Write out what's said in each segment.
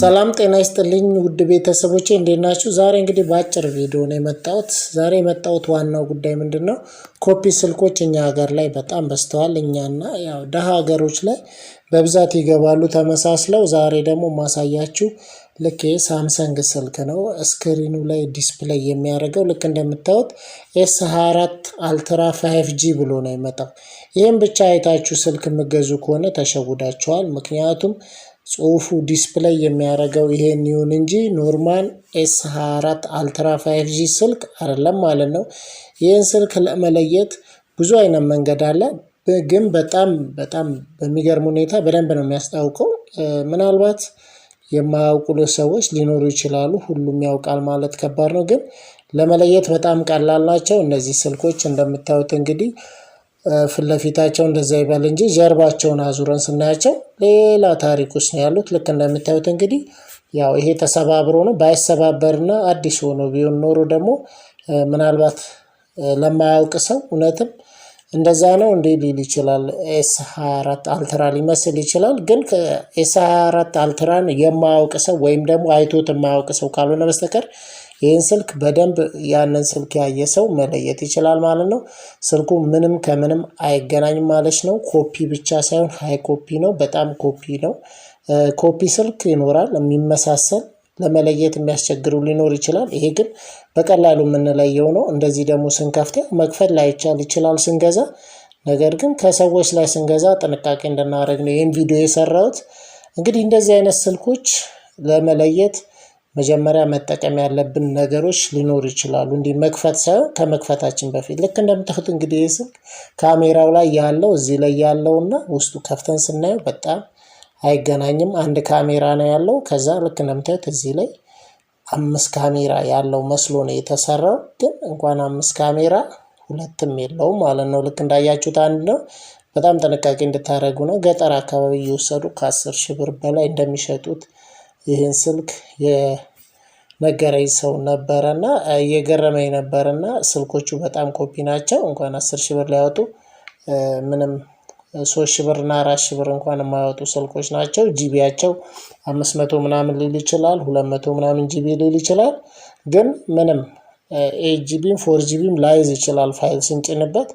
ሰላም ጤና ይስጥልኝ ውድ ቤተሰቦቼ እንዴት ናችሁ? ዛሬ እንግዲህ በአጭር ቪዲዮ ነው የመጣሁት። ዛሬ የመጣሁት ዋናው ጉዳይ ምንድን ነው? ኮፒ ስልኮች እኛ ሀገር ላይ በጣም በስተዋል። እኛና ያው ደሀ ሀገሮች ላይ በብዛት ይገባሉ ተመሳስለው። ዛሬ ደግሞ ማሳያችሁ ልክ ሳምሰንግ ስልክ ነው። ስክሪኑ ላይ ዲስፕሌይ የሚያደርገው ልክ እንደምታዩት ኤስ 24 አልትራ 5 ጂ ብሎ ነው የመጣው። ይህም ብቻ አይታችሁ ስልክ የምገዙ ከሆነ ተሸውዳችኋል። ምክንያቱም ጽሁፉ ዲስፕላይ የሚያደርገው ይሄን ይሁን እንጂ ኖርማል ኤስ 24 አልትራ 5ጂ ስልክ አይደለም ማለት ነው። ይህን ስልክ ለመለየት ብዙ አይነት መንገድ አለ። ግን በጣም በጣም በሚገርም ሁኔታ በደንብ ነው የሚያስታውቀው። ምናልባት የማያውቁ ሰዎች ሊኖሩ ይችላሉ። ሁሉም ያውቃል ማለት ከባድ ነው፣ ግን ለመለየት በጣም ቀላል ናቸው እነዚህ ስልኮች እንደምታዩት እንግዲህ ፍለፊታቸው ለፊታቸው እንደዛ ይባል እንጂ ጀርባቸውን አዙረን ስናያቸው ሌላ ታሪክ ውስጥ ነው ያሉት። ልክ እንደምታዩት እንግዲህ ያው ይሄ ተሰባብሮ ነው። ባይሰባበርና አዲስ ሆኖ ቢሆን ኖሮ ደግሞ ምናልባት ለማያውቅ ሰው እውነትም እንደዛ ነው እንዴ ሊል ይችላል። ኤስ 24 አልትራ ሊመስል ይችላል። ግን ከኤስ 24 አልትራን የማያውቅ ሰው ወይም ደግሞ አይቶት የማያውቅ ሰው ካልሆነ በስተቀር ይህን ስልክ በደንብ ያንን ስልክ ያየ ሰው መለየት ይችላል ማለት ነው። ስልኩ ምንም ከምንም አይገናኝም ማለት ነው። ኮፒ ብቻ ሳይሆን ሀይ ኮፒ ነው። በጣም ኮፒ ነው። ኮፒ ስልክ ይኖራል የሚመሳሰል ለመለየት የሚያስቸግሩ ሊኖር ይችላል። ይሄ ግን በቀላሉ የምንለየው ነው። እንደዚህ ደግሞ ስንከፍተው መክፈል ላይቻል ይችላል ስንገዛ። ነገር ግን ከሰዎች ላይ ስንገዛ ጥንቃቄ እንድናደርግ ነው ይህም ቪዲዮ የሰራሁት። እንግዲህ እንደዚህ አይነት ስልኮች ለመለየት መጀመሪያ መጠቀም ያለብን ነገሮች ሊኖሩ ይችላሉ። እንዲህ መክፈት ሳይሆን ከመክፈታችን በፊት ልክ እንደምታዩት እንግዲህ ስልክ ካሜራው ላይ ያለው እዚህ ላይ ያለው እና ውስጡ ከፍተን ስናየው በጣም አይገናኝም። አንድ ካሜራ ነው ያለው። ከዛ ልክ እንደምታዩት እዚህ ላይ አምስት ካሜራ ያለው መስሎ ነው የተሰራው። ግን እንኳን አምስት ካሜራ ሁለትም የለውም ማለት ነው። ልክ እንዳያችሁት አንድ ነው። በጣም ጥንቃቄ እንድታደረጉ ነው። ገጠር አካባቢ እየወሰዱ ከአስር ሺህ ብር በላይ እንደሚሸጡት ይህን ስልክ ነገረኝ ሰው ነበረና የገረመኝ ነበርና ስልኮቹ በጣም ኮፒ ናቸው እንኳን አስር ሽብር ብር ሊያወጡ ምንም ሶስት ሺህ ብር እና አራት ሺህ ብር እንኳን የማያወጡ ስልኮች ናቸው። ጂቢያቸው አምስት መቶ ምናምን ሊል ይችላል ሁለት መቶ ምናምን ጂቢ ሊል ይችላል። ግን ምንም ኤይት ጂቢም ፎር ጂቢም ላይዝ ይችላል ፋይል ስንጭንበት።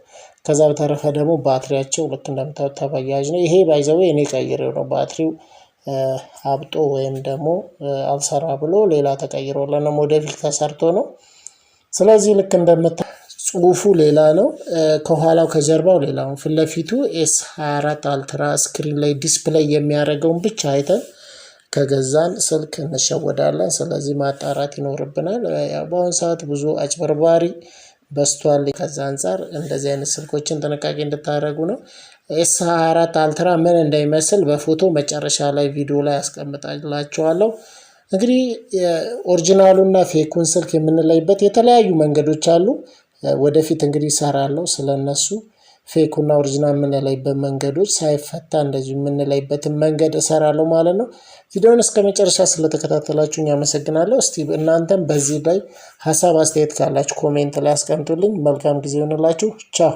ከዛ በተረፈ ደግሞ ባትሪያቸው ልክ እንደምታዩት ተበያዥ ነው። ይሄ ባይ እኔ ቀይሬው ነው ባትሪው አብጦ ወይም ደግሞ አልሰራ ብሎ ሌላ ለነም ወደፊት ተሰርቶ ነው። ስለዚህ ልክ እንደምታ ጽሁፉ ሌላ ነው። ከኋላው ከጀርባው ሌላ ነው። ፊት ለፊቱ ኤስ 24 አልትራ ስክሪን ላይ ዲስፕሌይ የሚያደርገውን ብቻ አይተን ከገዛን ስልክ እንሸወዳለን። ስለዚህ ማጣራት ይኖርብናል። በአሁኑ ሰዓት ብዙ አጭበርባሪ በስቷል። ከዛ አንጻር እንደዚህ አይነት ስልኮችን ጥንቃቄ እንድታደረጉ ነው። ኤስ 24 አልትራ ምን እንዳይመስል በፎቶ መጨረሻ ላይ ቪዲዮ ላይ አስቀምጣላቸዋለሁ እንግዲህ ኦሪጂናሉና ፌኩን ስልክ የምንለይበት የተለያዩ መንገዶች አሉ። ወደፊት እንግዲህ እሰራለሁ ስለነሱ ፌኩና ኦሪጂናል የምንለይበት መንገዶች ሳይፈታ እንደዚሁ የምንለይበትን መንገድ እሰራለሁ ማለት ነው። ቪዲዮን እስከ መጨረሻ ስለተከታተላችሁ አመሰግናለሁ። እስቲ እናንተም በዚህ ላይ ሀሳብ አስተያየት ካላችሁ ኮሜንት ላይ አስቀምጡልኝ። መልካም ጊዜ ይሆንላችሁ። ቻው